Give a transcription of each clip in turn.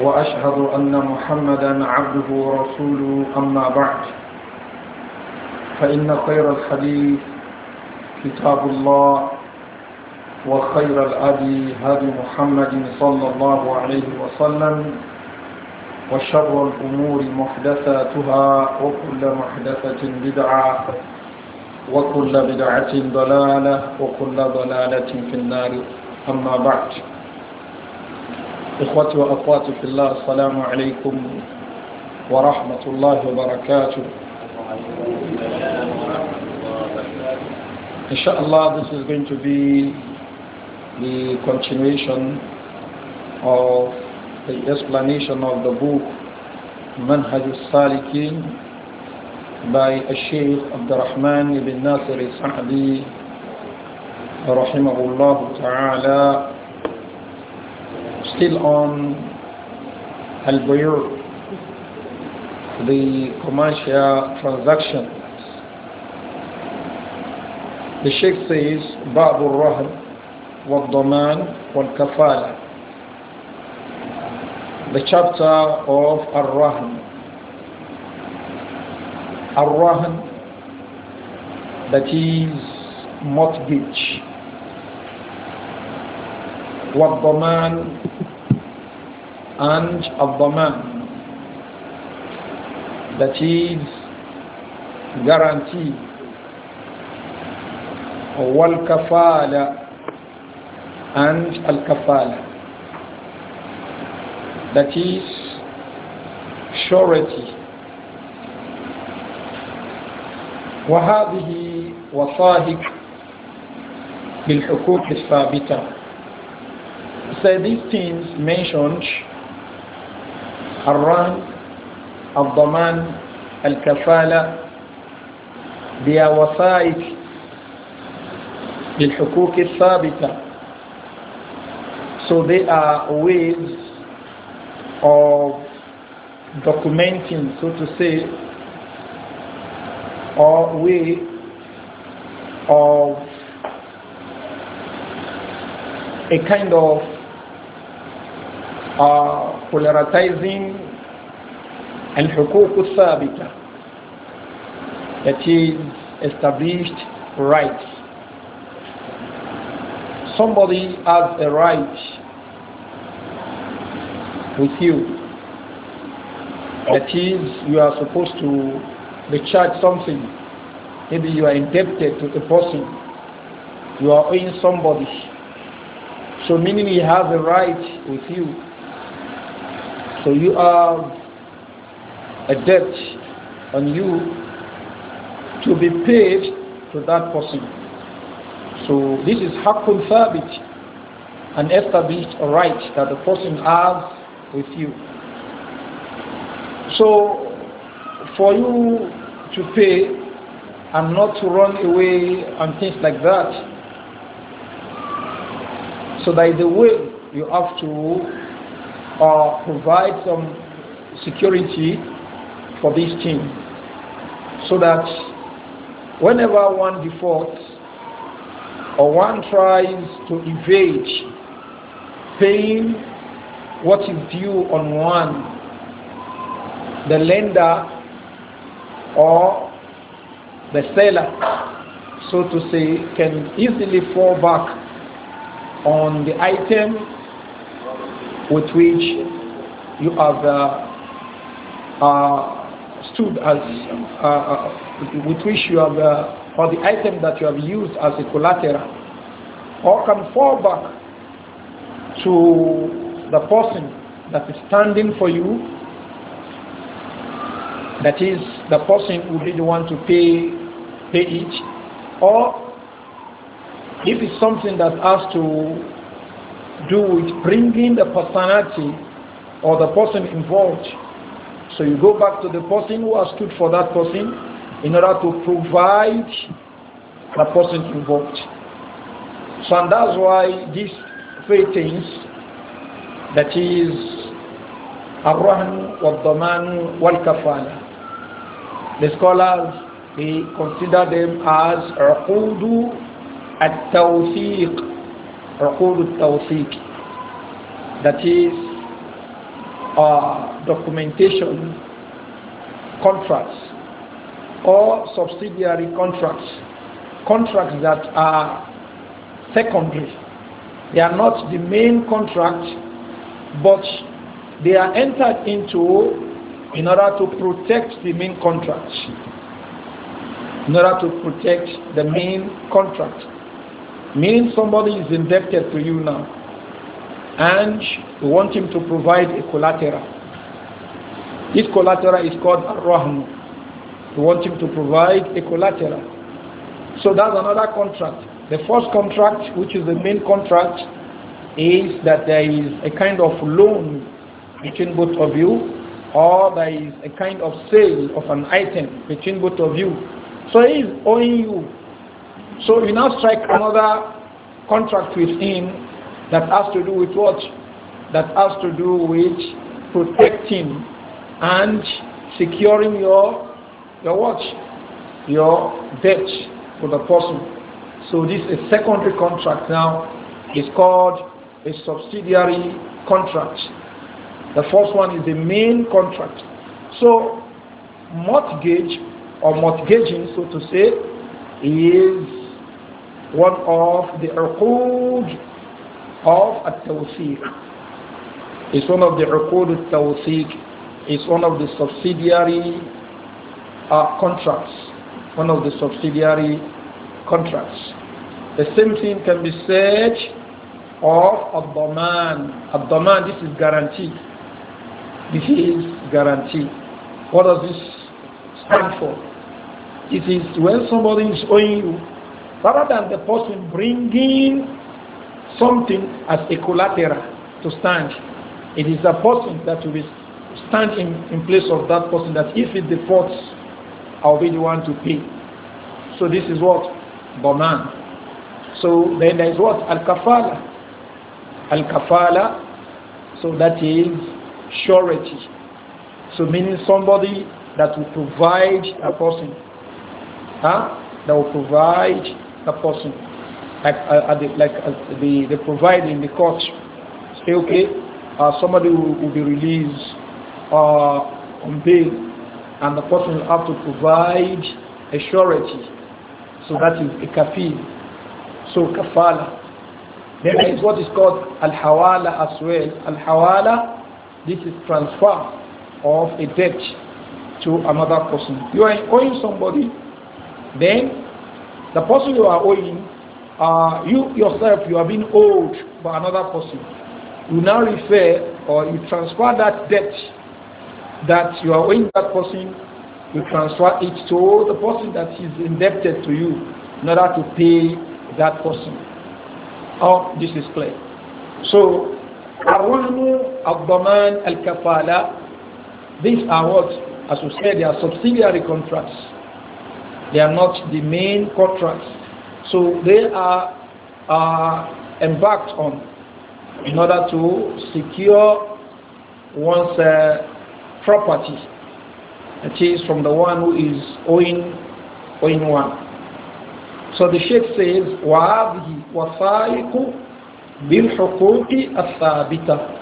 وأشهد أن محمدا عبده ورسوله أما بعد فإن خير الحديث كتاب الله وخير الأدي هدي محمد صلى الله عليه وسلم وشر الأمور محدثاتها وكل محدثة بدعة وكل بدعة ضلالة وكل ضلالة في النار أما بعد إخوتي وأخواتي في الله السلام عليكم ورحمة الله وبركاته الله this is going to be the continuation of the explanation of the book منهج السالكين by الشيخ عبد الرحمن بن ناصر السعدي رحمه الله تعالى still on Al-Buyur, the commercial transaction. The Sheikh says, باب الرهن والضمان والكفالة The chapter of الرهن الرهن that is mortgage والضمان and Abdaman, that is guarantee, wal kafala and al kafala, that is surety. وهذه وصاهق بالحقوق الثابته so these things mentioned Haran, Abdaman, Al-Kafala, they are wasa'ik للحقوق الثابتة so they are ways of documenting so to say or way of a kind of uh, polarizing al-hukuk al-thabita that is established rights. Somebody has a right with you. That is, you are supposed to recharge something. Maybe you are indebted to a person. You are owing somebody. So meaning he has a right with you so you have a debt on you to be paid to that person. So this is hakun thabit, an established right that the person has with you. So for you to pay and not to run away and things like that. So that is the way you have to uh, provide some security for this team so that whenever one defaults or one tries to evade paying what is due on one, the lender or the seller, so to say, can easily fall back on the item with which you have uh, uh, stood as, uh, uh with which you have, uh, or the item that you have used as a collateral, or can fall back to the person that is standing for you, that is, the person who did want to pay, pay it, or if it's something that has to do with bringing the personality or the person involved. So you go back to the person who has stood for that person in order to provide the person involved. So and that's why these three things, that is Ar-Rahn, Wad-Daman, Wal-Kafala. The scholars, they consider them as Uqudu at tawfiq عقود التوثيق that is uh, documentation contracts or subsidiary contracts contracts that are secondary they are not the main contract but they are entered into in order to protect the main contract in order to protect the main contract Meaning somebody is indebted to you now and you want him to provide a collateral. This collateral is called ar rahm You want him to provide a collateral. So that's another contract. The first contract, which is the main contract, is that there is a kind of loan between both of you or there is a kind of sale of an item between both of you. So he is owing you so you now strike another contract with him that has to do with what? That has to do with protecting and securing your your watch, your debt for the person. So this is secondary contract now. is called a subsidiary contract. The first one is the main contract. So mortgage or mortgaging, so to say, is one of the uqood of at-tawsiq. It's one of the uqood at-tawsiq. It's one of the subsidiary uh, contracts. One of the subsidiary contracts. The same thing can be said of ad-daman. this is guaranteed. This is guarantee. What does this stand for? It is when somebody is owing you rather than the person bringing something as a collateral to stand. It is the person that will stand in, in place of that person that if it defaults, I'll be the one to pay. So this is what? man. So then there is what? Al-Kafala. Al-Kafala, so that is surety. So meaning somebody that will provide a person. Huh? That will provide the person. Like, uh, the, like uh, the, in the court, say, okay, uh, somebody will, will, be released uh, on bail, and the person will have to provide a surety. So that is a kafil. So kafala. there is what is called al-hawala as well. Al-hawala, this is transfer of a debt to another person. You are owing somebody, then the person you are owing, uh, you yourself, you are being owed by another person. You now refer or you transfer that debt that you are owing that person, you transfer it to the person that is indebted to you in order to pay that person. Oh, this is clear. So, الرهن الضمان الكفالة these are what as we said they are subsidiary contracts they are not the main contracts. So they are uh, embarked on in order to secure one's uh, property. It is from the one who is owing, owing one. So the Sheikh says, وَهَذِهِ وَثَائِقُ بِالْحُقُوقِ الثَّابِتَةِ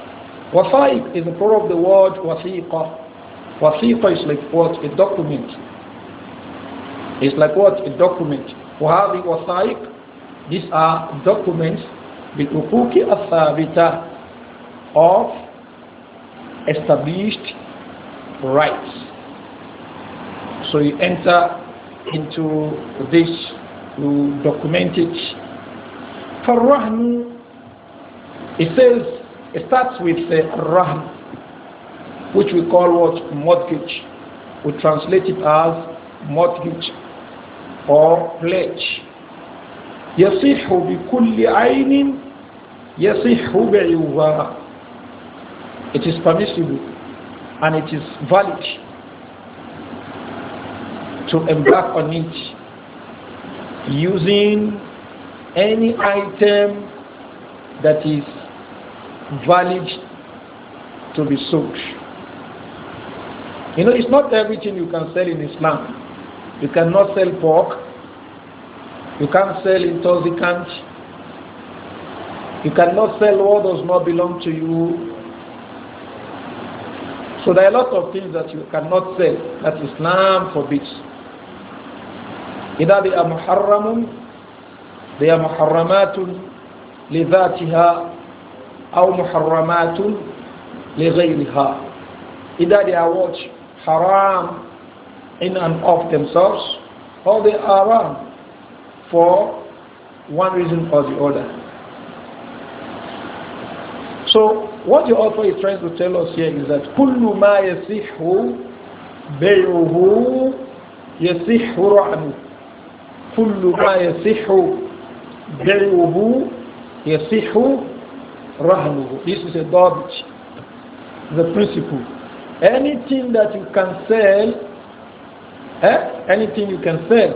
Wasaik is the part of the word wasiqa. Wasiqa is like what? A document it's like what? A document. وهذه وثائق These are documents بالحقوق الثابتة of established rights. So you enter into this, you document it. فالرهن it says, it starts with the rahn, which we call what? Mortgage. We translate it as mortgage or pledge. يصح بكل عين يصح بعوار It is permissible and it is valid to embark on it using any item that is valid to be sold. You know, it's not everything you can sell in Islam. You cannot sell pork. You can't sell intoxicant. You cannot sell what does not belong to you. So there are a lot of things that you cannot sell that Islam forbids. Either they are muharramun, they are muharramatun لذاتها أو محرمات لغيرها. إذا they are حرام. Haram in and of themselves, or they are one for one reason or the other. So what the author is trying to tell us here is that كل ما يصح بيعه يصح رعنه كل ما يصح بيعه يصح رهنه This is a ضابط, the principle. Anything that you can sell eh? anything you can sell,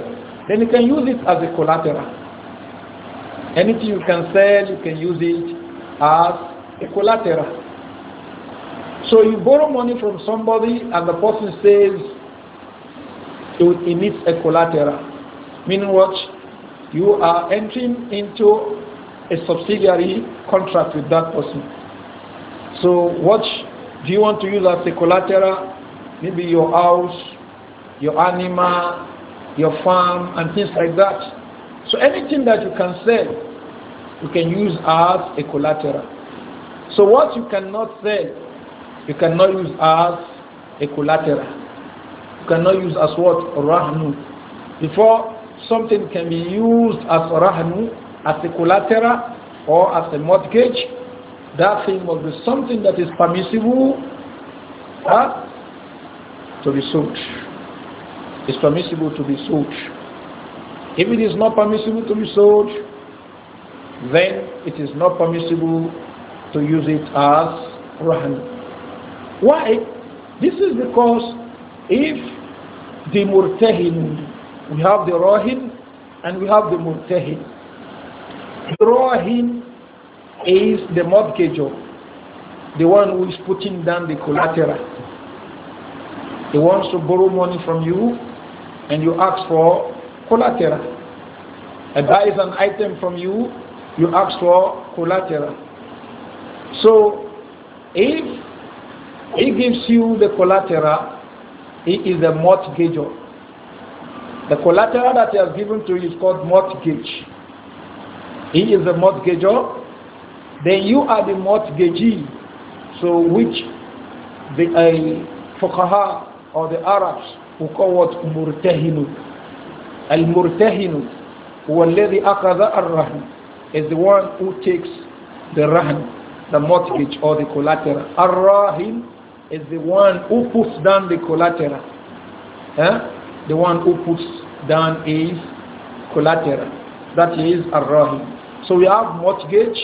then you can use it as a collateral. Anything you can sell, you can use it as a collateral. So you borrow money from somebody and the person says it needs a collateral. Meaning what? You are entering into a subsidiary contract with that person. So what do you want to use as a collateral? Maybe your house, your animal, your farm, and things like that. So anything that you can sell, you can use as a collateral. So what you cannot sell, you cannot use as a collateral. You cannot use as what? Rahnu. Before something can be used as rahnu, as a collateral or as a mortgage, that thing must be something that is permissible huh, to be sold is permissible to be sold. If it is not permissible to be sold, then it is not permissible to use it as rahan. Why? This is because if the murtahin, we have the rahin and we have the murtahin. The rahin is the mortgagor, the one who is putting down the collateral. He wants to borrow money from you and you ask for collateral. And that is an item from you, you ask for collateral. So if he gives you the collateral, he is the mortgagor. The collateral that he has given to you is called mortgage. He is the mortgager. Then you are the mortgagee. So which the uh, fuqaha or the Arabs we call what murtahinu. al أَخَذَ الرَّهْنِ is the one who takes the rahn, the mortgage or the collateral. ar is the one who puts down the collateral. The one who puts down is collateral. That is So we have mortgage,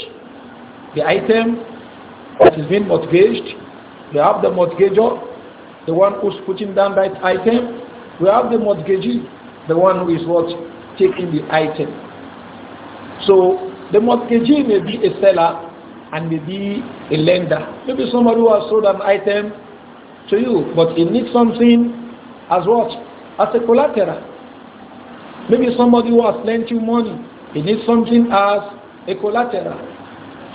the item has being mortgaged. We have the mortgagor the one who's putting down that item. We have the mortgagee, the one who is what taking the item. So the mortgagee may be a seller and may be a lender. Maybe somebody who has sold an item to you, but he needs something as what? As a collateral. Maybe somebody who has lent you money, he needs something as a collateral.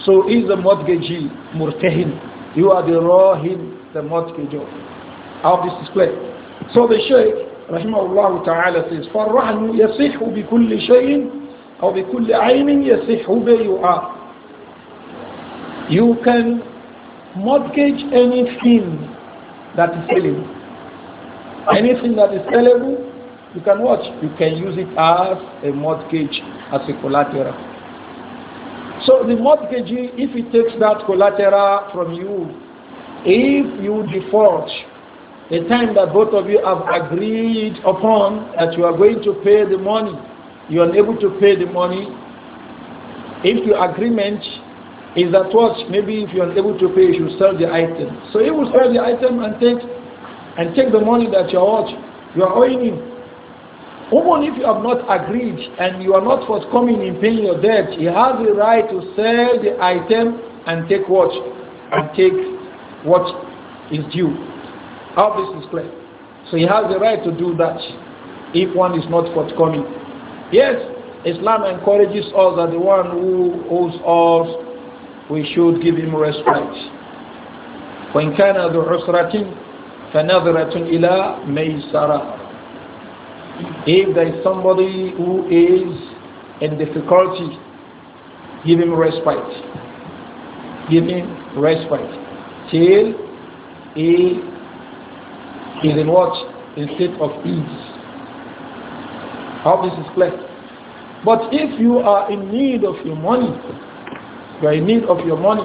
So is the mortgagee, murtehin. You are the rahin, the mortgagee. Of this display. So the Shaykh, rahimahullah ta'ala, says, فَالرَّهْنُ يَصِحُّ بِكُلِّ شَيْءٍ أَوْ بِكُلِّ عَيْنٍ يَصِحُّ بَيُعَى You can mortgage anything that is sellable. Anything that is sellable, you can watch. You can use it as a mortgage, as a collateral. So the mortgagee, if he takes that collateral from you, if you default the time that both of you have agreed upon that you are going to pay the money, you are unable to pay the money, if your agreement is that what maybe if you are unable to pay, you should sell the item. So he will sell the item and take and take the money that you are you are owing him. Even if you have not agreed and you are not forthcoming in paying your debt, he has the right to sell the item and take what and take what is due. All this is So he has the right to do that if one is not forthcoming. Yes, Islam encourages us that the one who owes us, we should give him respect. وإن كان ذو عسرة فنظرة إلى ميسرة If there is somebody who is in difficulty, give him respite. Give him respite till he is in what? In state of ease. How this is clear. But if you are in need of your money, you are in need of your money,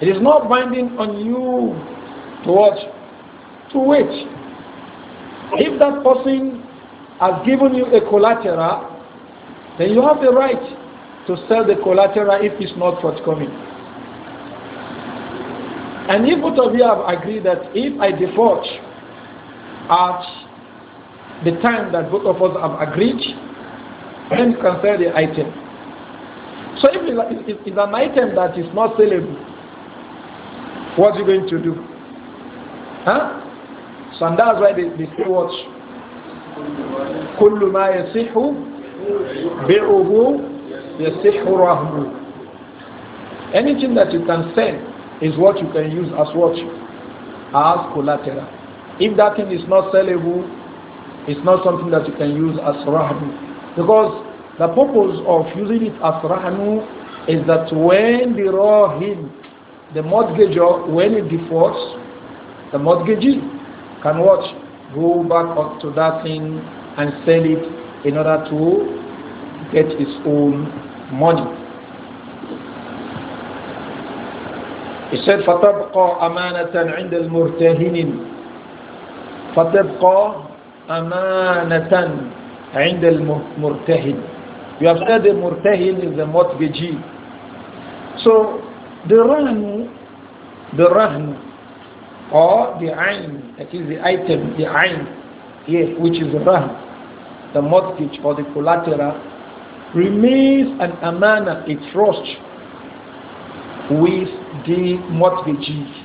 it is not binding on you to watch, to wait. If that person has given you a collateral, then you have the right to sell the collateral if it's not forthcoming. And if both of you have agreed that if I default, at the time that both of us have agreed, then you can sell the item. So if it's an item that is not sellable, what are you going to do? Huh? So and that's why they, they say what? كل ما يصح بيعه يصح رهنه Anything that you can sell is what you can use as what? As collateral. If that thing is not sellable, it's not something that you can use as rahnu. Because the purpose of using it as rahnu is that when the rahim, the mortgagor, when it defaults, the mortgagee can watch, go back up to that thing and sell it in order to get his own money. He said, فَتَبْقَى أَمَانَةً عِنْدَ الْمُرْتَهِنِينَ فَتَبْقَى أَمَانَةً عِنْدَ الْمُرْتَهِنِ You have said the murtahin is the mortgagee. So the rahn, the rahn, or the ayn, that is the item, the ayn, yes, which is the rahn, the mortgage or the collateral, remains an amana, a trust with the mortgagee.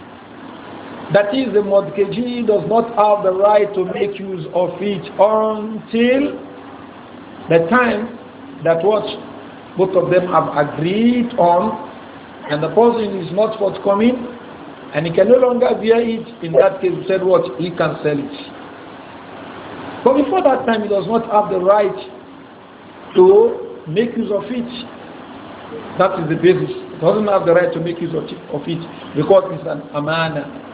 That is, the mortgagee does not have the right to make use of it until the time that what both of them have agreed on and the person is not forthcoming and he can no longer bear it. In that case, we said what? He can sell it. But before that time, he does not have the right to make use of it. That is the basis. He doesn't have the right to make use of it because it's an amana.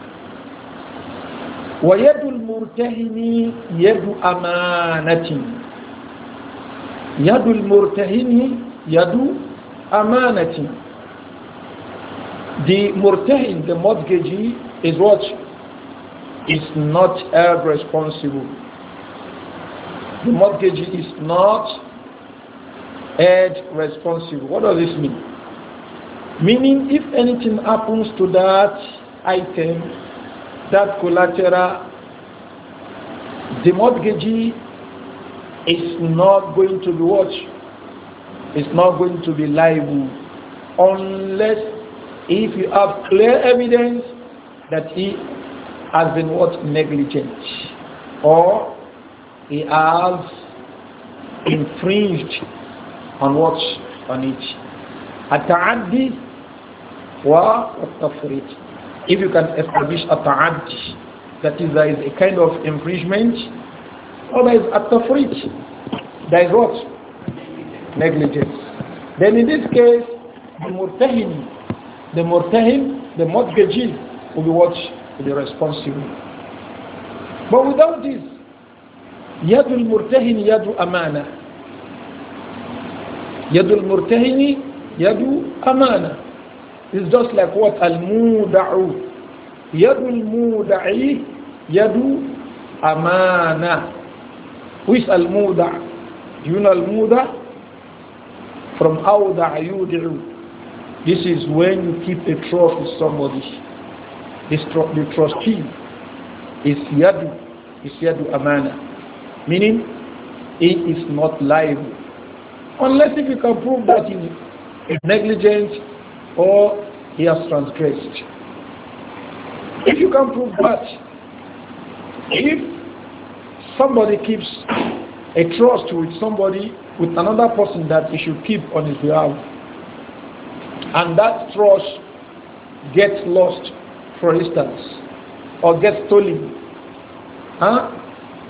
وَيَدُ الْمُرْتَهِنِ يَدُ أَمَانَةٍ يَدُ الْمُرْتَهِنِ يَدُ أَمَانَةٍ The murtahin, the mortgagee, is what? Is not responsible. The mortgagee is not held responsible. What does this mean? Meaning, if anything happens to that item, that collateral, the mortgagee is not going to be watched, is not going to be liable unless if you have clear evidence that he has been what negligent or he has infringed on what on it. التعدي والتفريط if you can establish a ta'addi, that is, there is a kind of infringement, or there is a tafrit, there is what? Negligence. Then in this case, the murtahin, the murtahin, the mortgagee will be what? Will be responsible. But without this, yadul murtahin yadu amana. Yadul murtahini yadu amana. It's just like what al-muda'u. Yadu al-muda'i, yadu amana. Who is al-muda'? You know al-muda'? From awda'a yudi'u. This is when you keep a trust with somebody. This tr- the trustee is yadu, is yadu amana, meaning it is not liable, unless if you can prove that he negligence or he has transgressed. If you can prove that, if somebody keeps a trust with somebody, with another person that he should keep on his behalf, and that trust gets lost, for instance, or gets stolen, huh?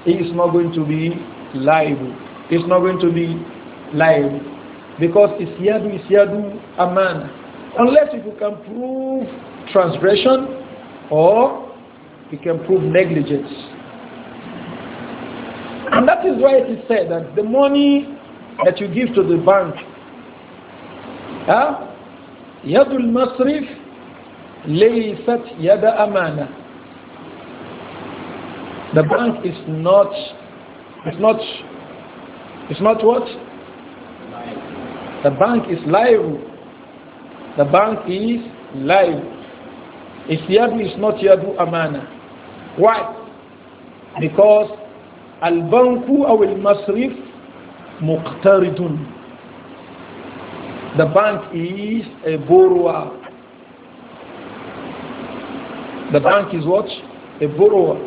he is not going to be liable. He's not going to be liable because it's yadu, it's yadu, amana. Unless if you can prove transgression or you can prove negligence. And that is why it is said that the money that you give to the bank, yadul يد leisat yada amana, The bank is not, it's not, it's not what? The bank is liable the bank is live. Its yadu is not yadu amana. Why? Because al-banku aw masrif muqtaridun. The bank is a borrower. The bank is what? A borrower.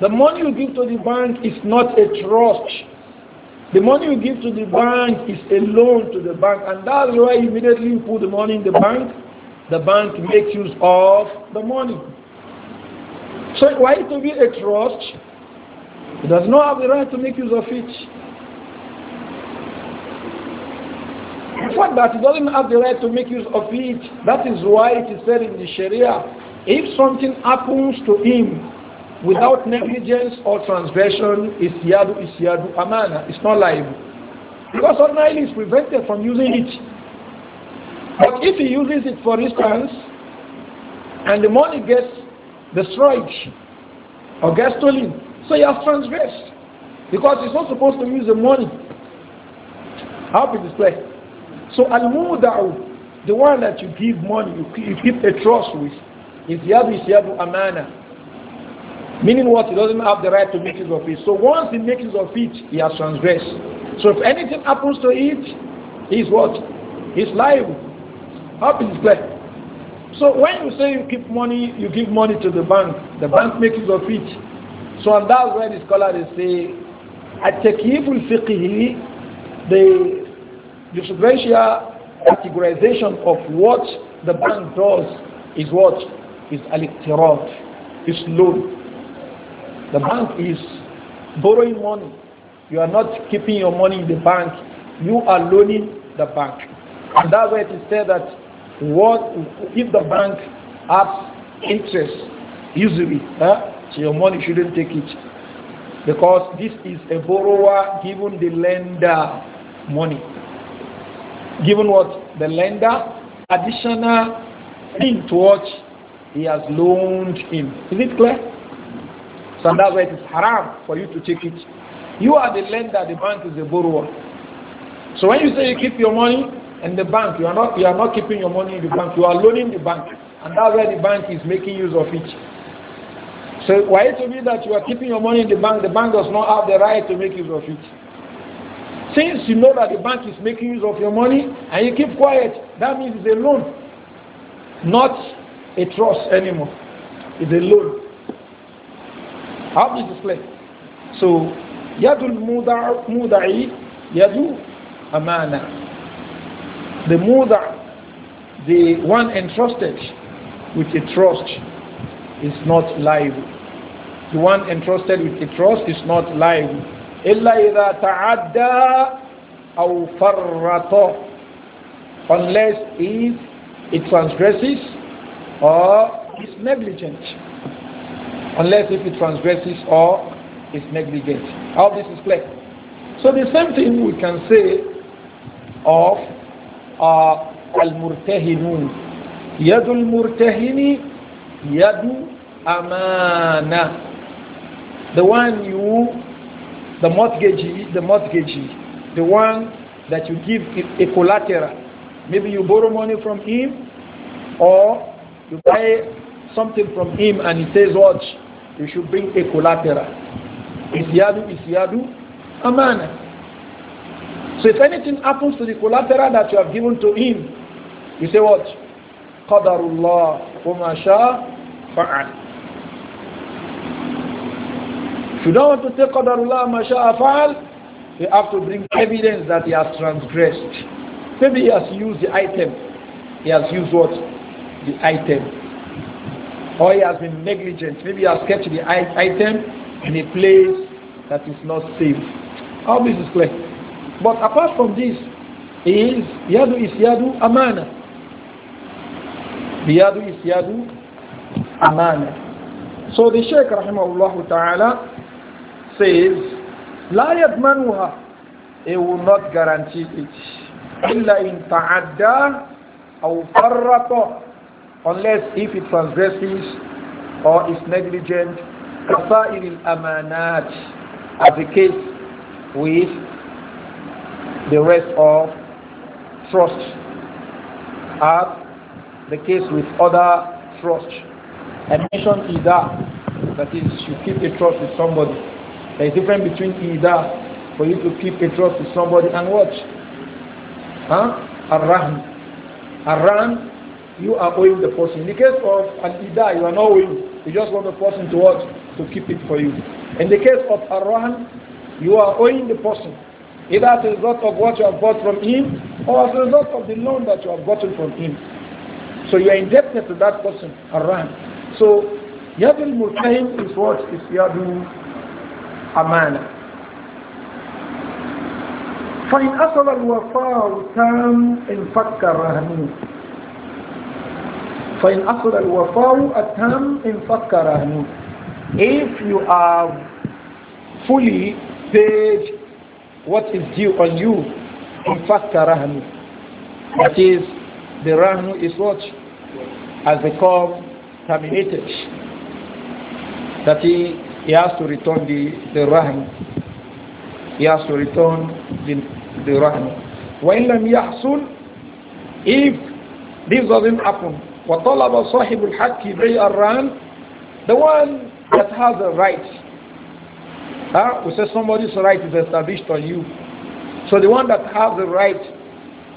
The money you give to the bank is not a trust the money you give to the bank is a loan to the bank, and that's why immediately you put the money in the bank, the bank makes use of the money. So why to be a trust? It does not have the right to make use of it. In fact, that it doesn't have the right to make use of it. That is why it is said in the Sharia, if something happens to him without negligence or transgression is yadu is yadu amana. It's not liable. Because ordinarily is prevented from using it. But if he uses it for instance, and the money gets destroyed or gets stolen, so he has transgressed. Because he's not supposed to use the money. How this play. So al-muda'u, the one that you give money, you keep a trust with, is yadu is yadu amana. Meaning what? He doesn't have the right to make use of it. So once he makes use of it, he has transgressed. So if anything happens to it, he's what? He's liable. Up is black. So when you say you keep money, you give money to the bank, the bank makes use of it. So and that's why the scholar they say, at takiful fiqhi, the jurisprudencia categorization of what the bank does is what? Is is loan. The bank is borrowing money. You are not keeping your money in the bank. You are loaning the bank. And that's why it is said that what if the bank has interest usually eh, so your money shouldn't take it because this is a borrower giving the lender money given what the lender additional thing to what he has loaned him is it clear so that's why it is haram for you to take it. You are the lender, the bank is the borrower. So when you say you keep your money in the bank, you are not you are not keeping your money in the bank, you are loaning the bank. And that's why the bank is making use of it. So why it to be that you are keeping your money in the bank, the bank does not have the right to make use of it. Since you know that the bank is making use of your money and you keep quiet, that means it's a loan, not a trust anymore. It's a loan. How is this clear? So, Yadul Muda'i, Yadu Amana. The Muda, the one entrusted with a trust, is not liable. The one entrusted with a trust is not liable. إلا إذا تعدى أو فرط unless if it transgresses or is negligent unless if it transgresses or is negligent. How this is clear. So the same thing we can say of uh, al-murtahinun. Yadul murtahini yadu amana. The one you, the mortgagee, the mortgagee, the one that you give a collateral. Maybe you borrow money from him or you buy something from him and he says "Watch, You should bring a collateral. Isyadu, Isyadu, Amana. So if anything happens to the collateral that you have given to him, you say what? Qadarullah, Umasha, Fa'al. If you don't want to take Qadarullah, Masha, Fa'al, you have to bring evidence that he has transgressed. Maybe he has used the item. He has used what? The item or he has been negligent. Maybe he has kept the item in a place that is not safe. All this is clear. But apart from this, is yadu is yadu amana. yadu is yadu amana. So the Shaykh rahimahullah ta'ala says, لا يضمنها He will not guarantee it. إلا إن تعدى أو فرط unless if it transgresses or is negligent kasairil amanat as the case with the rest of trust as the case with other trust I mentioned Ida that is you keep a trust with somebody there is difference between Ida for you to keep a trust with somebody and what? Huh? Ar-Rahn. ar you are owing the person. In the case of an ida, you are not owing. You just want the person to what? To keep it for you. In the case of a rahan, you are owing the person. Either as a result of what you have bought from him or as a result of the loan that you have gotten from him. So you are indebted to that person, a rahan. So Yadul Mulkahim is what is Yadul Amana. فإن أصل الوفاء تام انفك الرهن فإن أصل الوفاء التام إن فكراني if you have fully paid what is due on you in fact that is the rahnu is what has become terminated that he, he has to return the, the rahnu he has to return the, the rahnu وإن lam يحصل if this doesn't happen وَطَلَبَ صَاحِبُ الْحَقِّ بَيْءَ الرَّانِ The one that has a right. Huh? We say somebody's right is established on you. So the one that has the right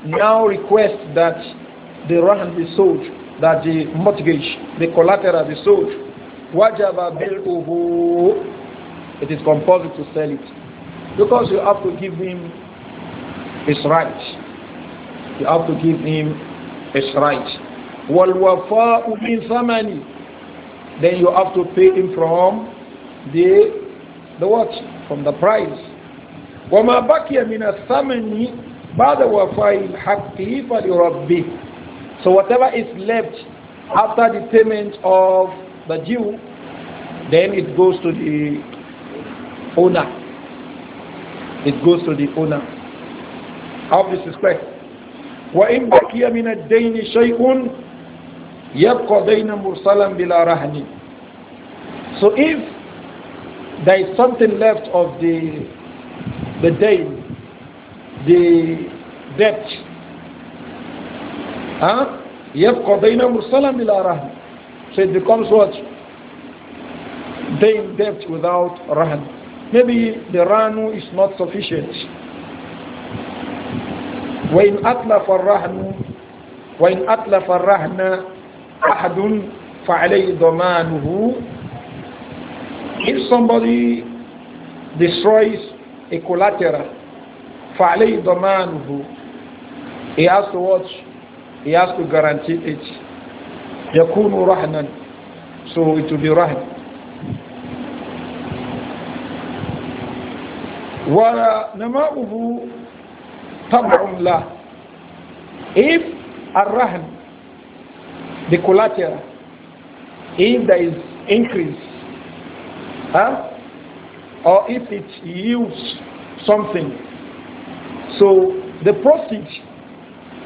now requests that the rahn be sold, that the mortgage, the collateral be sold. Wajaba bil'uhu. It is compulsory to sell it. Because you have to give him his right. You have to give him his right. وَالْوَفَاءُ min ثَمَنِ Then you have to pay him from the, the what? From the price. وَمَا بَكِيَ مِنَ الثَّمَنِ بَعْدَ وَفَاءِ الْحَقِّ فَلِرَبِّهِ So whatever is left after the payment of the due, then it goes to the owner. It goes to the owner. How this is correct. وإن بقي من الدين شيء يبقى بين مرسلا بلا رهن so if there is something left of the the day the debt huh? يبقى بين مرسلا بلا رهن so it becomes what day debt without رهن maybe the رهن is not sufficient وإن أتلف الرهن وإن أتلف الرهن أحد فعليه ضمانه if somebody destroys a collateral فعليه ضمانه he has to watch he has to guarantee it يكون رهنا so it will be رهن ونماؤه طبع له if الرهن the collateral. If there is increase, huh? or if it yields something. So the proceeds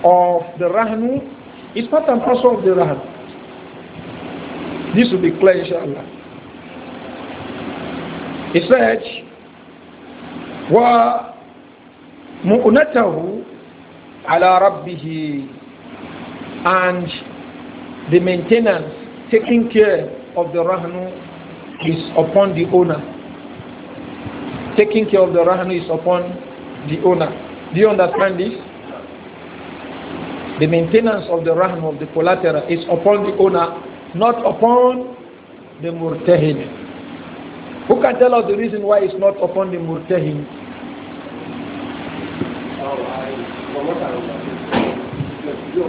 of the rahnu is part and parcel of the rahnu. This will be clear, inshallah. He said, Wa mu'unatahu ala Rabbihi And the maintenance, taking care of the rahnu is upon the owner. Taking care of the rahnu is upon the owner. Do you understand this? The maintenance of the rahnu of the collateral is upon the owner, not upon the murtahin. Who can tell us the reason why it's not upon the murtahin?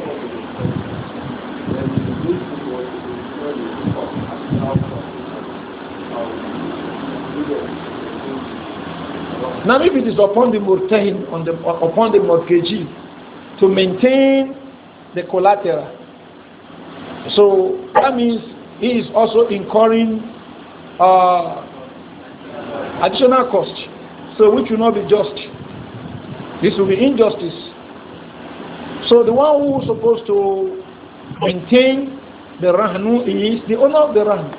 Oh, now, if it is upon the mortgagor on the, upon the mortgagee, to maintain the collateral, so that means he is also incurring uh, additional cost, so which will not be just. This will be injustice. So the one who is supposed to maintain the rahnu is the owner of the rahnu.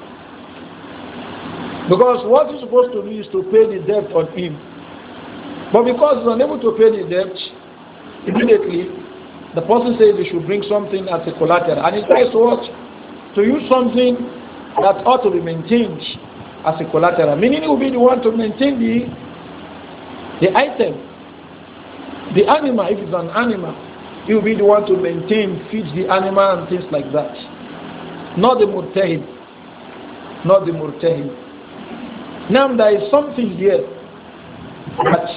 Because what he's supposed to do is to pay the debt on him. But because he's unable to pay the debt, immediately the person says he should bring something as a collateral. And he tries to what? To use something that ought to be maintained as a collateral. Meaning he will be the one to maintain the, the item. The animal, if it's an animal, he will be the one to maintain, feed the animal and things like that. Not the murtahid. Not the murtahid. Now there is something here that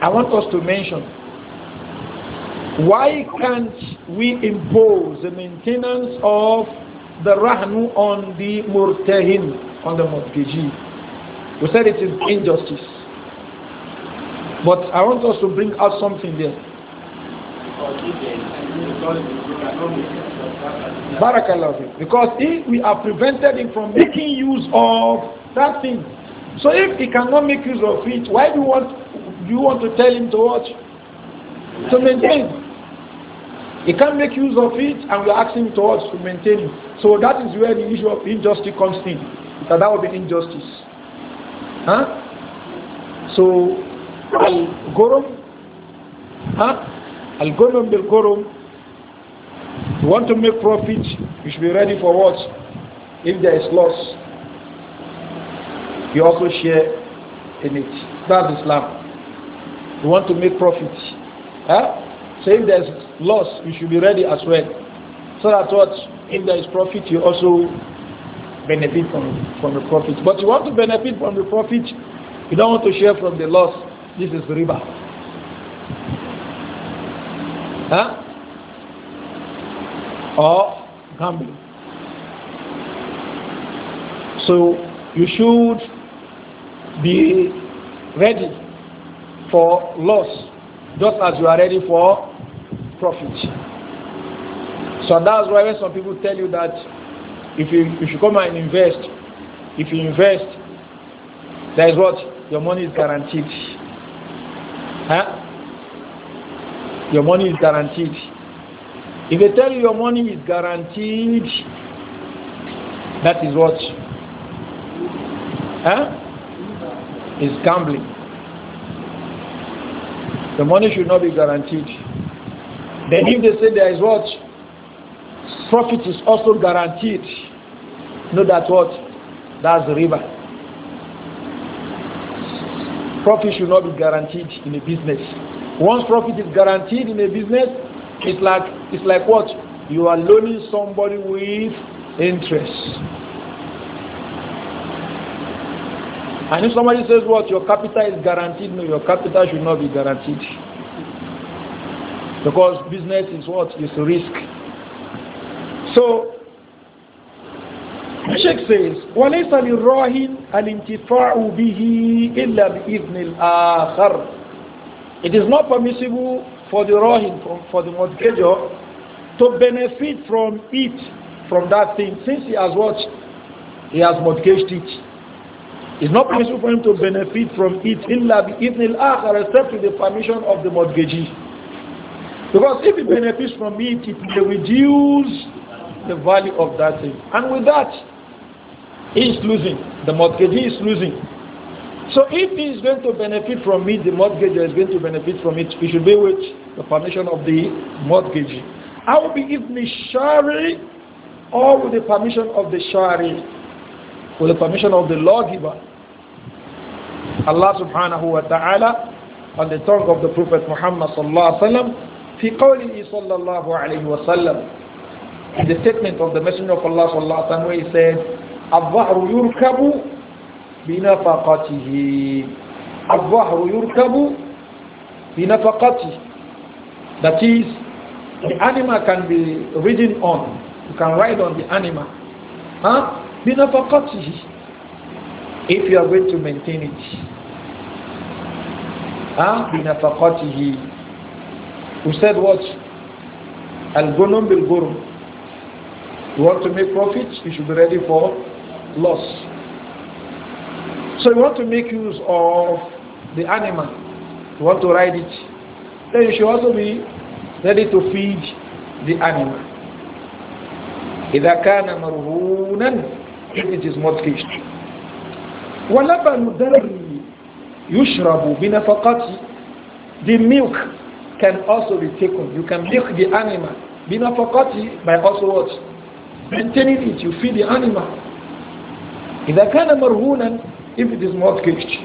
I want us to mention. Why can't we impose the maintenance of the rahnu on the murtahin, on the mortgagee? We said it is injustice. But I want us to bring out something there. Barakallah. Because if we are prevented him from making use of that thing. So if he cannot make use of it, why do you want, do you want to tell him to watch? To maintain. He can't make use of it and we're asking him to watch to maintain it. So that is where the issue of injustice comes in. That that would be injustice. Huh? So Al Gorum huh? Al-Gunum bil-Qurum, you want to make profit, you should be ready for what? If there is loss, you also share in it. That's Islam. You want to make profit. Huh? So if there's loss, you should be ready as well. So that what, if there is profit, you also benefit from, from the profit. But you want to benefit from the profit, you don't want to share from the loss. This is riba huh? or gambling. So you should be ready for loss just as you are ready for profit. So that's why when some people tell you that if you, if you come and invest, if you invest, that is what your money is guaranteed. Huh? Your money is guaranteed. If they tell you your money is guaranteed, that is what? Huh? Is gambling. The money should not be guaranteed. Then if they say there is what? Profit is also guaranteed. Know that what? That's the river. Profit should not be guaranteed in a business. Once profit is guaranteed in a business, it's like it's like what? You are loaning somebody with interest. And if somebody says what your capital is guaranteed, no, your capital should not be guaranteed. Because business is what is risk. So Sheikh says, وَلَيْسَ لِلْرَاهِنْ الْانْتِفَاعُ بِهِ إِلَّا بِإِذْنِ الْآخَرِ it is not permissible for the Rohim, for, for the mortgagor, to benefit from it, from that thing, since he has what? He has mortgaged it. It's not permissible for him to benefit from it, except with the permission of the mortgagee. Because if he benefits from it, it will reduce the value of that thing. And with that, he is losing. The mortgagee is losing. So if he is going to benefit from it, the mortgagor is going to benefit from it, he should be with the permission of the mortgagee. I will be Ibn Shari or with the permission of the Shari, with the permission of the lawgiver. Allah subhanahu wa ta'ala on the tongue of the Prophet Muhammad sallallahu alayhi wa sallam, في قوله صلى in the statement of the Messenger of Allah sallallahu alayhi wa sallam, where he said, بنفقته الظهر يركب بنفقته that is the animal can be ridden on you can ride on the animal huh? بنفقته if you are going to maintain it huh? بنفقته we said what الغنم بالغرم you want to make profit you should be ready for loss so you want to make use of the animal. You want to ride it. Then you should also be ready to feed the animal. إذا كان مرهونا it is not caged. ولبن الدر يشرب بنفقته The milk can also be taken. You can milk the animal. بنفقته by also what? Maintaining it. You feed the animal. إذا كان مرهونا if it is not fixed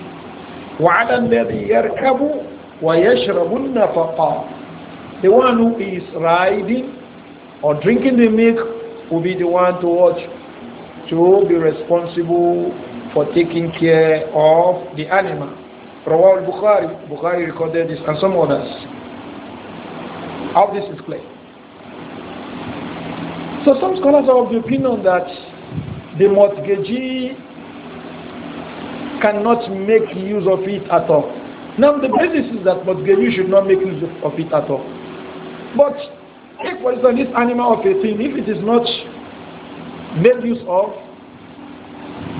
وعلى الذي يركب ويشرب النفقة the one who is riding or drinking the milk will be the one to watch to be responsible for taking care of the animal Rawal Bukhari Bukhari recorded this and some others how this is clear so some scholars are of the opinion that the mortgagee cannot make use of it at all. Now the basis is that Mudgari should not make use of it at all. But if for instance this animal of a thing, if it is not made use of,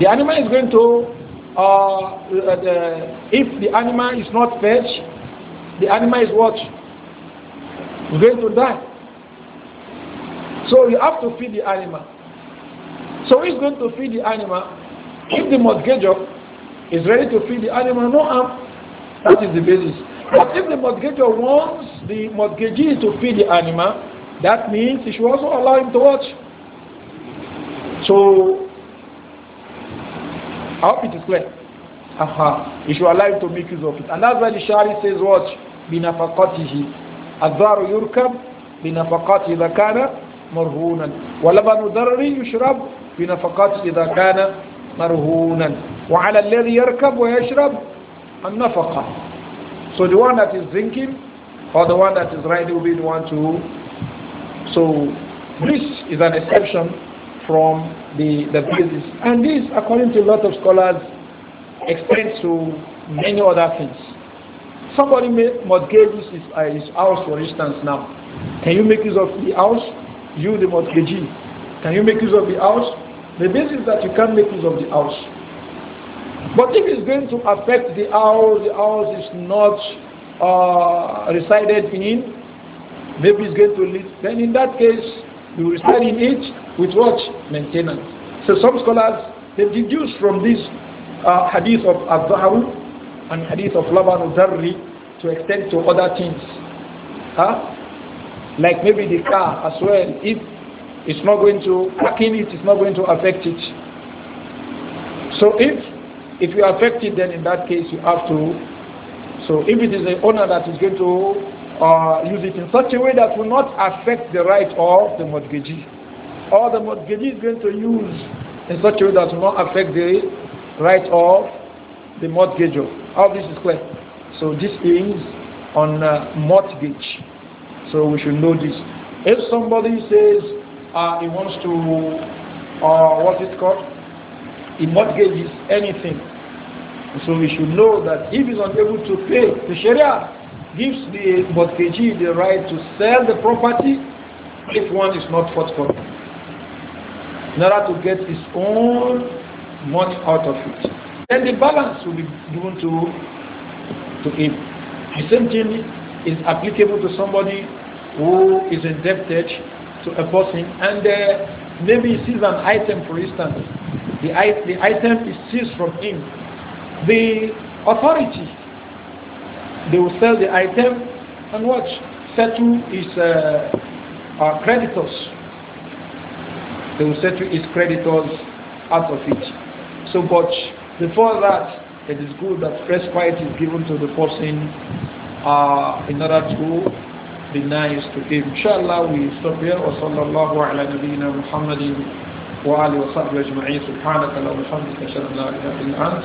the animal is going to, uh, uh if the animal is not fed, the animal is what? Going to die. So you have to feed the animal. So who is going to feed the animal? If the mortgage is ready to feed the animal, no harm. That is the basis. But if the mortgagor wants the mortgagee to feed the animal, that means he should also allow him to watch. So, I hope it is clear. Uh -huh. He should allow him to make use of it. And that's why the Shari says, watch, binafakatihi, الذار يركب بنفقات إذا كان مرهونا ولبن ذر يشرب بنفقات إذا كان مرهونا وعلى الذي يركب ويشرب النفقة so the one that is drinking or the one that is riding will be the one to so this is an exception from the, the basis and this according to a lot of scholars extends to many other things somebody may mortgage his, uh, his house for instance now can you make use of the house you the mortgagee can you make use of the house the basis that you can't make use of the house but if it's going to affect the house, the house is not uh, resided in, maybe it's going to lead, then in that case, you reside in it with what? Maintenance. So some scholars, they deduce from this uh, hadith of Abdahu and hadith of Laban Zarri to extend to other things. Huh? Like maybe the car as well, if it's not going to, parking it is not going to affect it. So if if you are affected, then in that case you have to. So if it is the owner that is going to uh, use it in such a way that will not affect the right of the mortgagee, or the mortgagee is going to use in such a way that will not affect the right of the mortgagor. All this is clear. So this is on uh, mortgage. So we should know this. If somebody says uh, he wants to, uh, what is called, he mortgages anything, so we should know that if he's unable to pay, the Sharia gives the Botkeji the right to sell the property if one is not forthcoming, in order to get his own money out of it. Then the balance will be given to, to him. The same thing is applicable to somebody who is indebted to a person and uh, maybe he sees an item for instance. The, the item is seized from him the authority. They will sell the item and watch, settle his uh, uh, creditors. They will settle his creditors out of it. So, but before that, it is good that respite is given to the person uh, in order to be nice to him. Inshallah, we stop here. وصلى الله على نبينا محمد وصحبه أجمعين سبحانك اللهم وبحمدك أشهد أن لا إله إلا أنت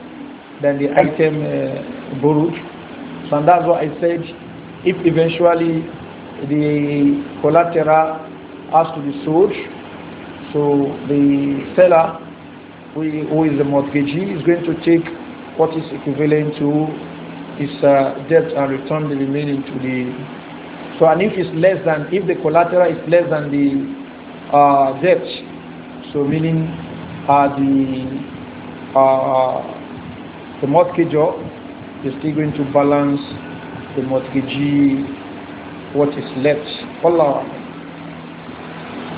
than the item uh, So and that's what I said. If eventually the collateral has to be sold, so the seller, who is the mortgagee, is going to take what is equivalent to his uh, debt and return the remaining to the. So and if it's less than, if the collateral is less than the uh, debt, so meaning uh, the uh, the mortgagor is still going to balance the mortgagee what is left. Allah.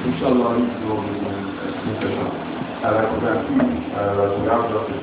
Inshallah,